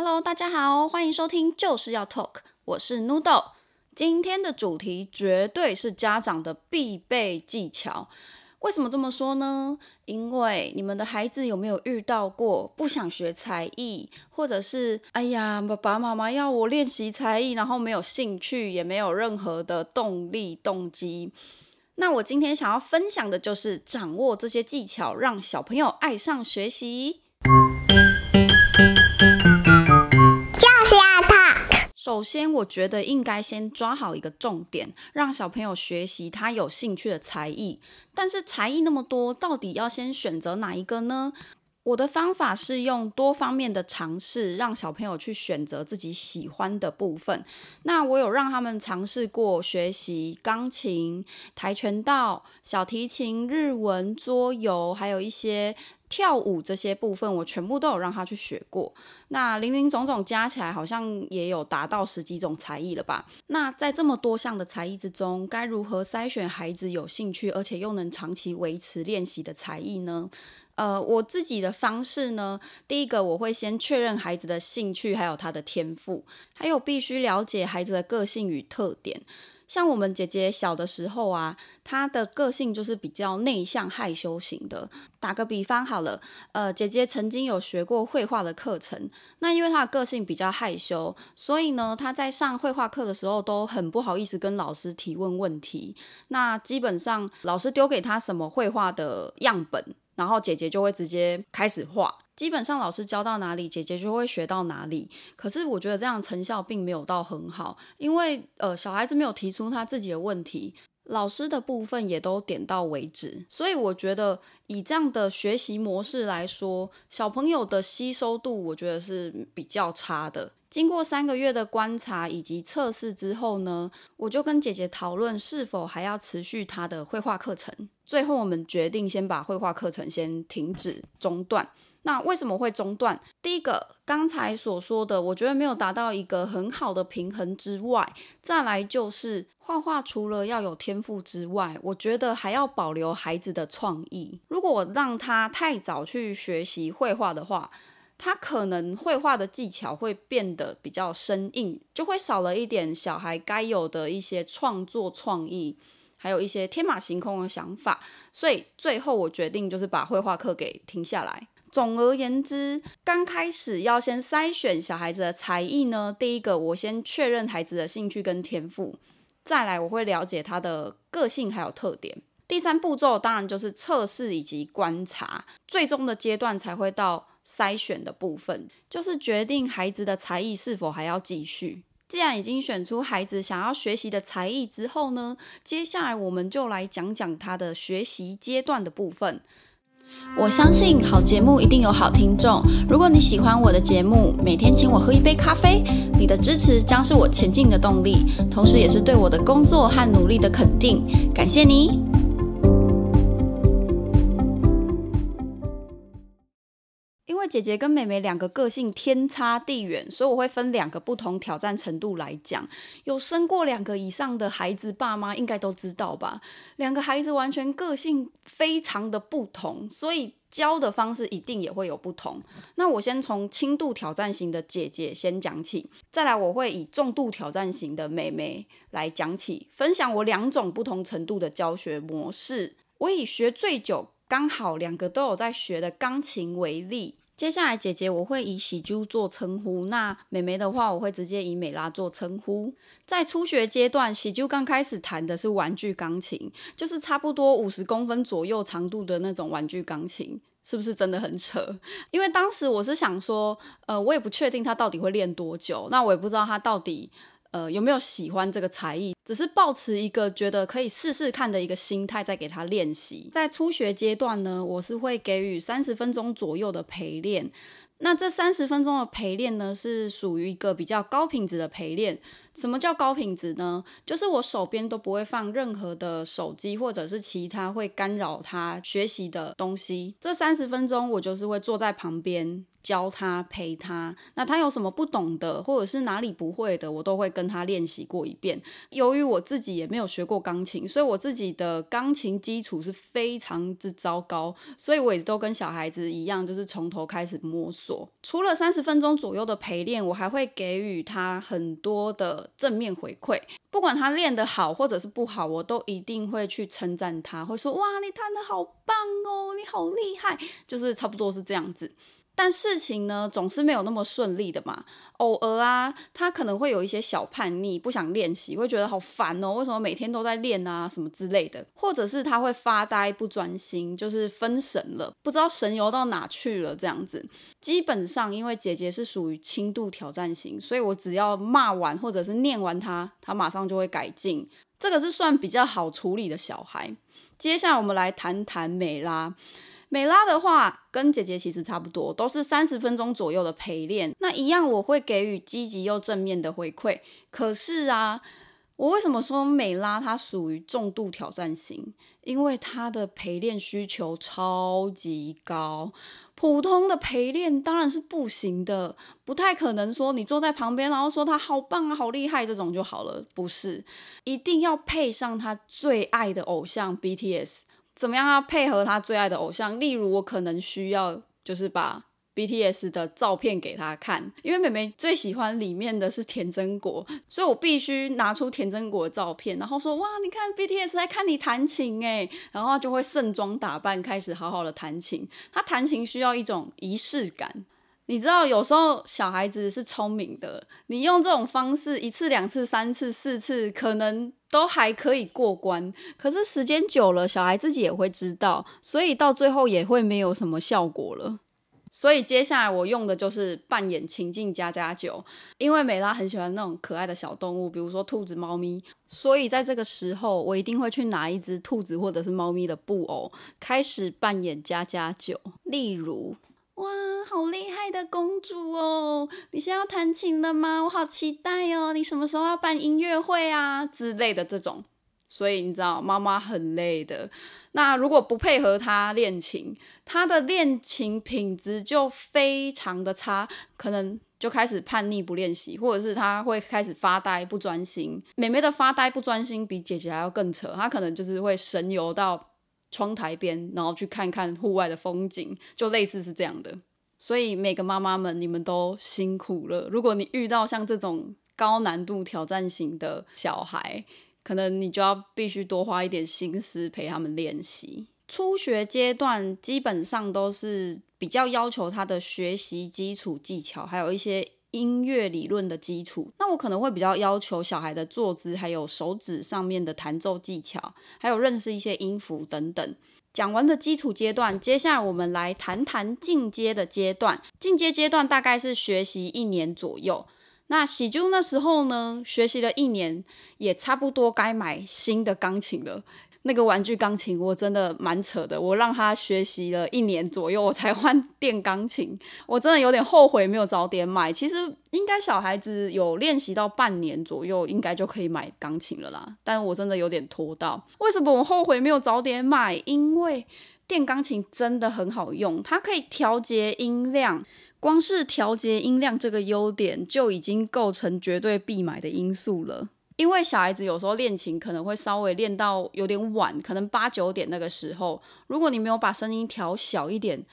Hello，大家好，歡迎收聽，就是要 talk。我是 Noodle，今天的主題絕對是家長的必備技巧。為什麼這麼說呢？因為你們的孩子有沒有遇到過不想學才藝，或者是哎呀，爸爸媽媽要我練習才藝，然後沒有興趣，也沒有任何的動力、動機。那我今天想要分享的就是掌握這些技巧，讓小朋友愛上學習。首先，我覺得應該先抓好一個重點，讓小朋友學習他有興趣的才藝。但是才藝那麼多，到底要先選擇哪一個呢？我的方法是用多方面的嘗試，讓小朋友去選擇自己喜歡的部分。那我有讓他們嘗試過學習鋼琴、跆拳道、小提琴、日文、桌遊，還有一些跳舞這些部分，我全部都有讓他去學過。那林林總總加起來，好像也有達到十幾種才藝了吧？那在這麼多項的才藝之中，該如何篩選孩子有興趣而且又能長期維持練習的才藝呢？呃，我自己的方式呢，第一個我會先確認孩子的興趣，還有他的天賦，還有必須了解孩子的個性與特點。像我們姐姐小的時候啊，她的個性就是比較內向害羞型的。打個比方好了，呃，姐姐曾經有學過繪畫的課程，那因為她的個性比較害羞，所以呢，她在上繪畫課的時候都很不好意思跟老師提問問題。那基本上老師丟給她什麼繪畫的樣本。然後姐姐就會直接開始畫，基本上老師教到哪裡，姐姐就會學到哪裡。可是我覺得這樣成效並沒有到很好，因為呃小孩子沒有提出他自己的問題，老師的部分也都點到為止。所以我覺得以這樣的學習模式來說，小朋友的吸收度我覺得是比較差的。經過三個月的觀察以及測試之後呢，我就跟姐姐討論是否還要持續她的繪畫課程。最後我們決定先把繪畫課程先停止中斷。那為什麼會中斷？第一個，剛才所說的，我覺得沒有達到一個很好的平衡之外，再來就是畫畫除了要有天賦之外，我覺得還要保留孩子的創意。如果我讓他太早去學習繪畫的話，他可能繪畫的技巧會變得比較生硬，就會少了一點小孩該有的一些創作創意，還有一些天馬行空的想法。所以最後我決定就是把繪畫課給停下來。總而言之，剛開始要先篩選小孩子的才藝呢，第一個，我先確認孩子的興趣跟天賦，再來我會了解他的個性還有特點。第三步驟當然就是測試以及觀察，最終的階段才會到，篩選的部分，就是決定孩子的才藝是否還要繼續。既然已經選出孩子想要學習的才藝之後呢，接下來我們就來講講他的學習階段的部分。我相信好節目一定有好聽眾。如果你喜歡我的節目，每天請我喝一杯咖啡，你的支持將是我前進的動力，同時也是對我的工作和努力的肯定。感謝你。姐姐跟妹妹兩個個性天差地遠，所以我會分兩個不同挑戰程度來講。有生過兩個以上的孩子，爸媽應該都知道吧？兩個孩子完全個性非常的不同，所以教的方式一定也會有不同。那我先從輕度挑戰型的姐姐先講起，再來我會以重度挑戰型的妹妹來講起，分享我兩種不同程度的教學模式。我以學最久、剛好兩個都有在學的鋼琴為例。接下來，姐姐我會以喜珠做稱呼。那妹妹的話，我會直接以美拉做稱呼。在初學階段，喜珠剛開始彈的是玩具鋼琴，就是差不多五十公分左右長度的那種玩具鋼琴，是不是真的很扯？因為當時我是想說，呃，我也不確定她到底會練多久，那我也不知道她到底。呃，有沒有喜歡這個才藝？只是抱持一個覺得可以試試看的一個心態，再給他練習。在初學階段呢，我是會給予三十分鐘左右的陪練。那這三十分鐘的陪練呢，是屬於一個比較高品質的陪練。什麼叫高品質呢？就是我手邊都不會放任何的手機或者是其他會干擾他學習的東西。這三十分鐘我就是會坐在旁邊教他，陪他。那他有什麼不懂的或者是哪裡不會的，我都會跟他練習過一遍。由於我自己也沒有學過鋼琴，所以我自己的鋼琴基礎是非常之糟糕，所以我也都跟小孩子一樣，就是從頭開始摸索。除了三十分鐘左右的陪練，我還會給予他很多的正面回饋，不管他練得好或者是不好，我都一定會去稱讚他，會說，哇，你彈得好棒哦，你好厲害，就是差不多是這樣子。但事情呢，總是沒有那麼順利的嘛。偶爾啊，他可能會有一些小叛逆，不想練習，會覺得好煩哦。為什麼每天都在練啊，什麼之類的？或者是他會發呆不專心，就是分神了，不知道神遊到哪去了這樣子。基本上，因為姐姐是屬於輕度挑戰型，所以我只要罵完或者是念完他，他馬上就會改進。這個是算比較好處理的小孩。接下來我們來談談美拉。美拉的話跟姐姐其實差不多，都是三十分鐘左右的陪練，那一樣我會給予積極又正面的回饋。可是啊，我為什麼說美拉她屬於重度挑戰型？因為她的陪練需求超級高，普通的陪練當然是不行的，不太可能說你坐在旁邊，然後說她好棒啊，好厲害這種就好了，不是？一定要配上她最愛的偶像 BTS。怎麼樣啊？配合他最愛的偶像，例如我可能需要就是把 B T S 的照片給他看，因為妹妹最喜歡裡面的是田柾國，所以我必須拿出田柾國的照片，然後說哇，你看 B T S 在看你彈琴哎，然後他就會盛裝打扮，開始好好的彈琴。他彈琴需要一種儀式感。你知道，有時候小孩子是聰明的。你用這種方式一次、兩次、三次、四次，可能都還可以過關。可是時間久了，小孩自己也會知道，所以到最後也會沒有什麼效果了。所以接下來我用的就是扮演情境家家酒，因為美拉很喜歡那種可愛的小動物，比如說兔子、貓咪。所以在這個時候，我一定會去拿一隻兔子或者是貓咪的布偶，開始扮演家家酒，例如。哇，好厲害的公主哦！你是要彈琴的嗎？我好期待哦！你什麼時候要辦音樂會啊之類的這種？所以你知道媽媽很累的。那如果不配合她練琴，她的練琴品質就非常的差，可能就開始叛逆不練習，或者是她會開始發呆不專心。妹妹的發呆不專心比姐姐還要更扯，她可能就是會神遊到。窗台邊，然後去看看戶外的風景，就類似是這樣的。所以每個媽媽們，你們都辛苦了。如果你遇到像這種高難度挑戰型的小孩，可能你就要必須多花一點心思陪他們練習。初學階段基本上都是比較要求他的學習基礎技巧，還有一些。音樂理論的基礎，那我可能會比較要求小孩的坐姿，還有手指上面的彈奏技巧，還有認識一些音符等等。講完的基礎階段，接下來我們來談談進階的階段。進階階段大概是學習一年左右。那喜娟那時候呢，學習了一年，也差不多該買新的鋼琴了。那個玩具鋼琴我真的蠻扯的，我讓他學習了一年左右，我才換電鋼琴。我真的有點後悔沒有早點買。其實應該小孩子有練習到半年左右，應該就可以買鋼琴了啦。但我真的有點拖到。為什麼我後悔沒有早點買？因為電鋼琴真的很好用，它可以調節音量，光是調節音量這個優點就已經構成絕對必買的因素了。因為小孩子有時候練琴可能會稍微練到有點晚，可能八九點那個時候，如果你沒有把聲音調小一點，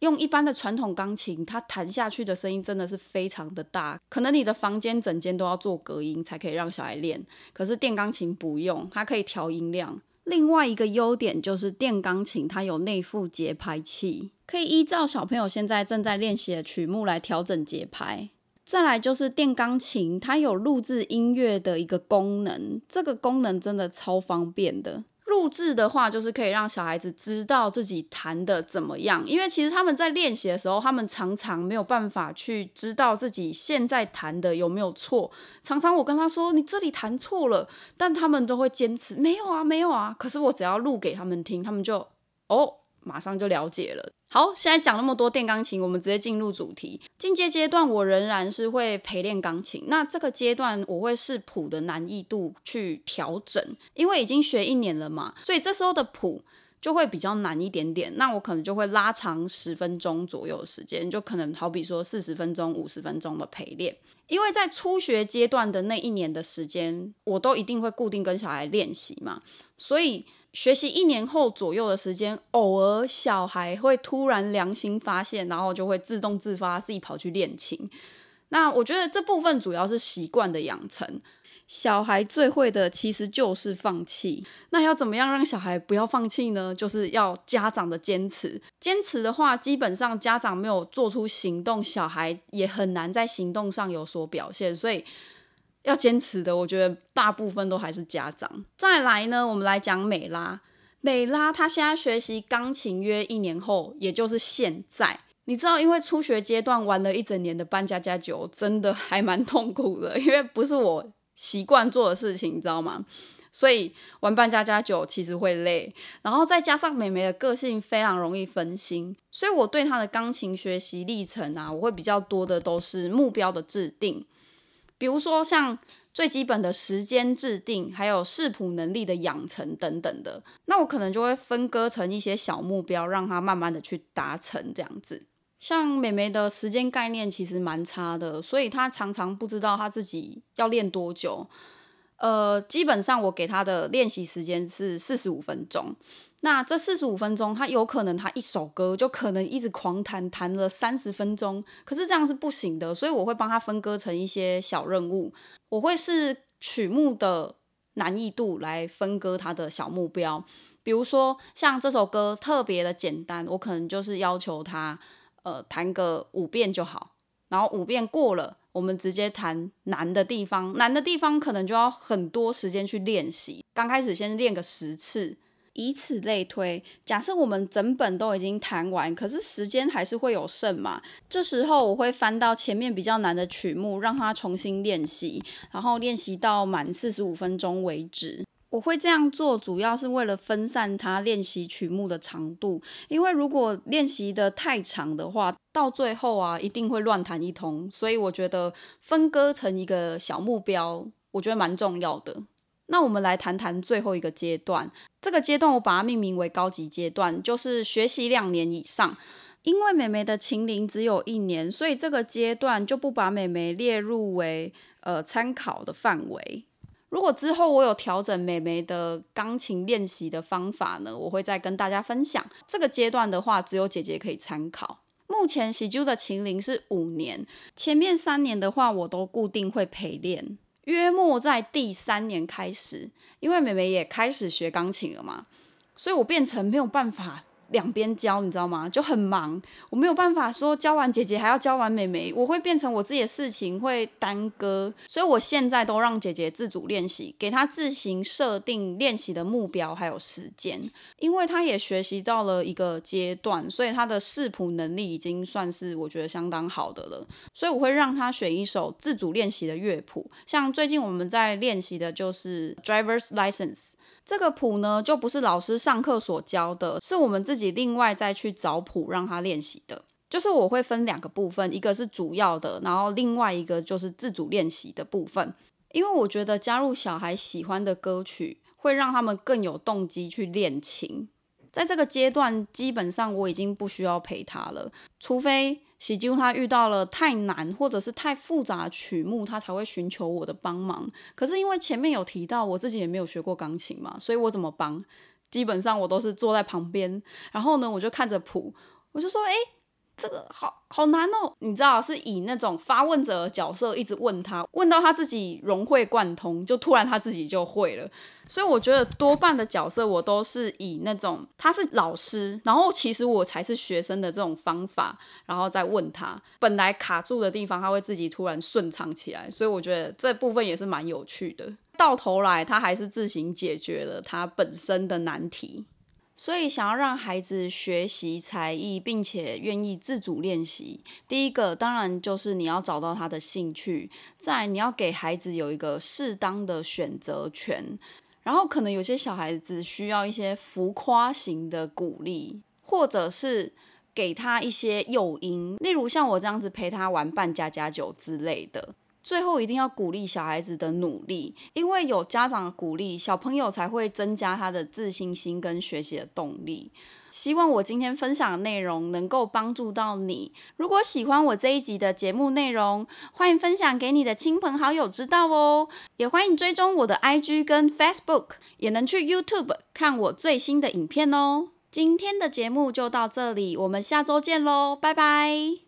用一般的傳統鋼琴，它彈下去的聲音真的是非常的大，可能你的房間整間都要做隔音才可以讓小孩練。可是電鋼琴不用，它可以調音量。另外一個優點就是電鋼琴它有內附節拍器，可以依照小朋友現在正在練習的曲目來調整節拍。再來就是電鋼琴，它有錄製音樂的一個功能，這個功能真的超方便的。錄製的話，就是可以讓小孩子知道自己彈得怎麼樣，因為其實他們在練習的時候，他們常常沒有辦法去知道自己現在彈的有沒有錯。常常我跟他說：“你這裡彈錯了。”但他們都會堅持：“沒有啊，沒有啊。”可是我只要錄給他們聽，他們就哦。Oh! 馬上就了解了。好，現在講那麼多電鋼琴，我們直接進入主題。進階階段，我仍然是會陪練鋼琴。那這個階段，我會視譜的難易度去調整，因為已經學一年了嘛，所以這時候的譜就會比較難一點點。那我可能就會拉長十分鐘左右的時間，就可能好比說四十分鐘、五十分鐘的陪練。因為在初學階段的那一年的時間，我都一定會固定跟小孩練習嘛，所以學習一年後左右的時間，偶爾小孩會突然良心發現，然後就會自動自發自己跑去練琴。那我覺得這部分主要是習慣的養成。小孩最會的其實就是放棄。那要怎麼樣讓小孩不要放棄呢？就是要家長的堅持。堅持的話，基本上家長沒有做出行動，小孩也很難在行動上有所表現。所以要堅持的，我覺得大部分都還是家長。再來呢，我們來講美拉。美拉她現在學習鋼琴約一年後，也就是現在，你知道，因為初學階段玩了一整年的扮家家酒，真的還蠻痛苦的，因為不是我。習慣做的事情，你知道嗎？所以玩伴家家酒其實會累，然後再加上妹妹的個性非常容易分心，所以我對她的鋼琴學習歷程啊，我會比較多的都是目標的制定，比如說像最基本的時間制定，還有視譜能力的養成等等的，那我可能就會分割成一些小目標，讓她慢慢的去達成這樣子。像美美的時間概念其實蠻差的，所以她常常不知道她自己要練多久。呃，基本上我給她的練習時間是四十五分鐘。那這四十五分鐘，她有可能她一首歌就可能一直狂彈，彈了三十分鐘。可是這樣是不行的，所以我會幫她分割成一些小任務。我會是曲目的難易度來分割她的小目標。比如說，像這首歌特別的簡單，我可能就是要求她。呃，彈個五遍就好，然後五遍過了，我們直接彈難的地方，難的地方可能就要很多時間去練習。剛開始先練個十次，以此類推。假設我們整本都已經彈完，可是時間還是會有剩嘛。這時候我會翻到前面比較難的曲目，讓他重新練習，然後練習到滿四十五分鐘為止。我會這樣做，主要是為了分散他練習曲目的長度，因為如果練習得太長的話，到最後啊一定會亂彈一通。所以我覺得分割成一個小目標，我覺得蠻重要的。那我們來談談最後一個階段，這個階段我把它命名為高級階段，就是學習兩年以上。因為妹妹的琴齡只有一年，所以這個階段就不把妹妹列入為呃參考的範圍。如果之後我有調整妹妹的鋼琴練習的方法呢，我會再跟大家分享。這個階段的話，只有姐姐可以參考。目前喜珠的琴齡是五年，前面三年的話，我都固定會陪練。約莫在第三年開始，因為妹妹也開始學鋼琴了嘛，所以我變成沒有辦法。兩邊教，你知道嗎？就很忙，我沒有辦法說教完姐姐還要教完妹妹，我會變成我自己的事情會耽擱，所以我現在都讓姐姐自主練習，給她自行設定練習的目標還有時間，因為她也學習到了一個階段，所以她的識譜能力已經算是我覺得相當好的了，所以我會讓她選一首自主練習的樂譜，像最近我們在練習的就是《Driver's License》。這個譜呢，就不是老師上課所教的，是我們自己另外再去找譜讓他練習的。就是我會分兩個部分，一個是主要的，然後另外一個就是自主練習的部分。因為我覺得加入小孩喜歡的歌曲，會讓他們更有動機去練琴。在這個階段，基本上我已經不需要陪他了，除非，其實他遇到了太難或者是太複雜的曲目，他才會尋求我的幫忙。可是因為前面有提到我自己也沒有學過鋼琴嘛，所以我怎麼幫？基本上我都是坐在旁邊，然後呢，我就看着譜，我就說，哎、欸。這個好好難哦，你知道是以那種發問者的角色一直問他，問到他自己融會貫通，就突然他自己就會了。所以我覺得多半的角色我都是以那種他是老師，然後其實我才是學生的這種方法，然後再問他本來卡住的地方，他會自己突然順暢起來。所以我覺得這部分也是蠻有趣的。到頭來他還是自行解決了他本身的難題。所以，想要讓孩子學習才藝，並且願意自主練習，第一個當然就是你要找到他的興趣；再來，你要給孩子有一個適當的選擇權。然後，可能有些小孩子需要一些浮誇型的鼓勵，或者是給他一些誘因，例如像我這樣子陪他玩扮家家酒之類的。最後一定要鼓勵小孩子的努力，因為有家長的鼓勵，小朋友才會增加他的自信心跟學習的動力。希望我今天分享的內容能夠幫助到你。如果喜歡我這一集的節目內容，歡迎分享給你的親朋好友知道哦。也歡迎追蹤我的 IG 跟 Facebook，也能去 YouTube 看我最新的影片哦。今天的節目就到這裡，我們下周見嘍，拜拜。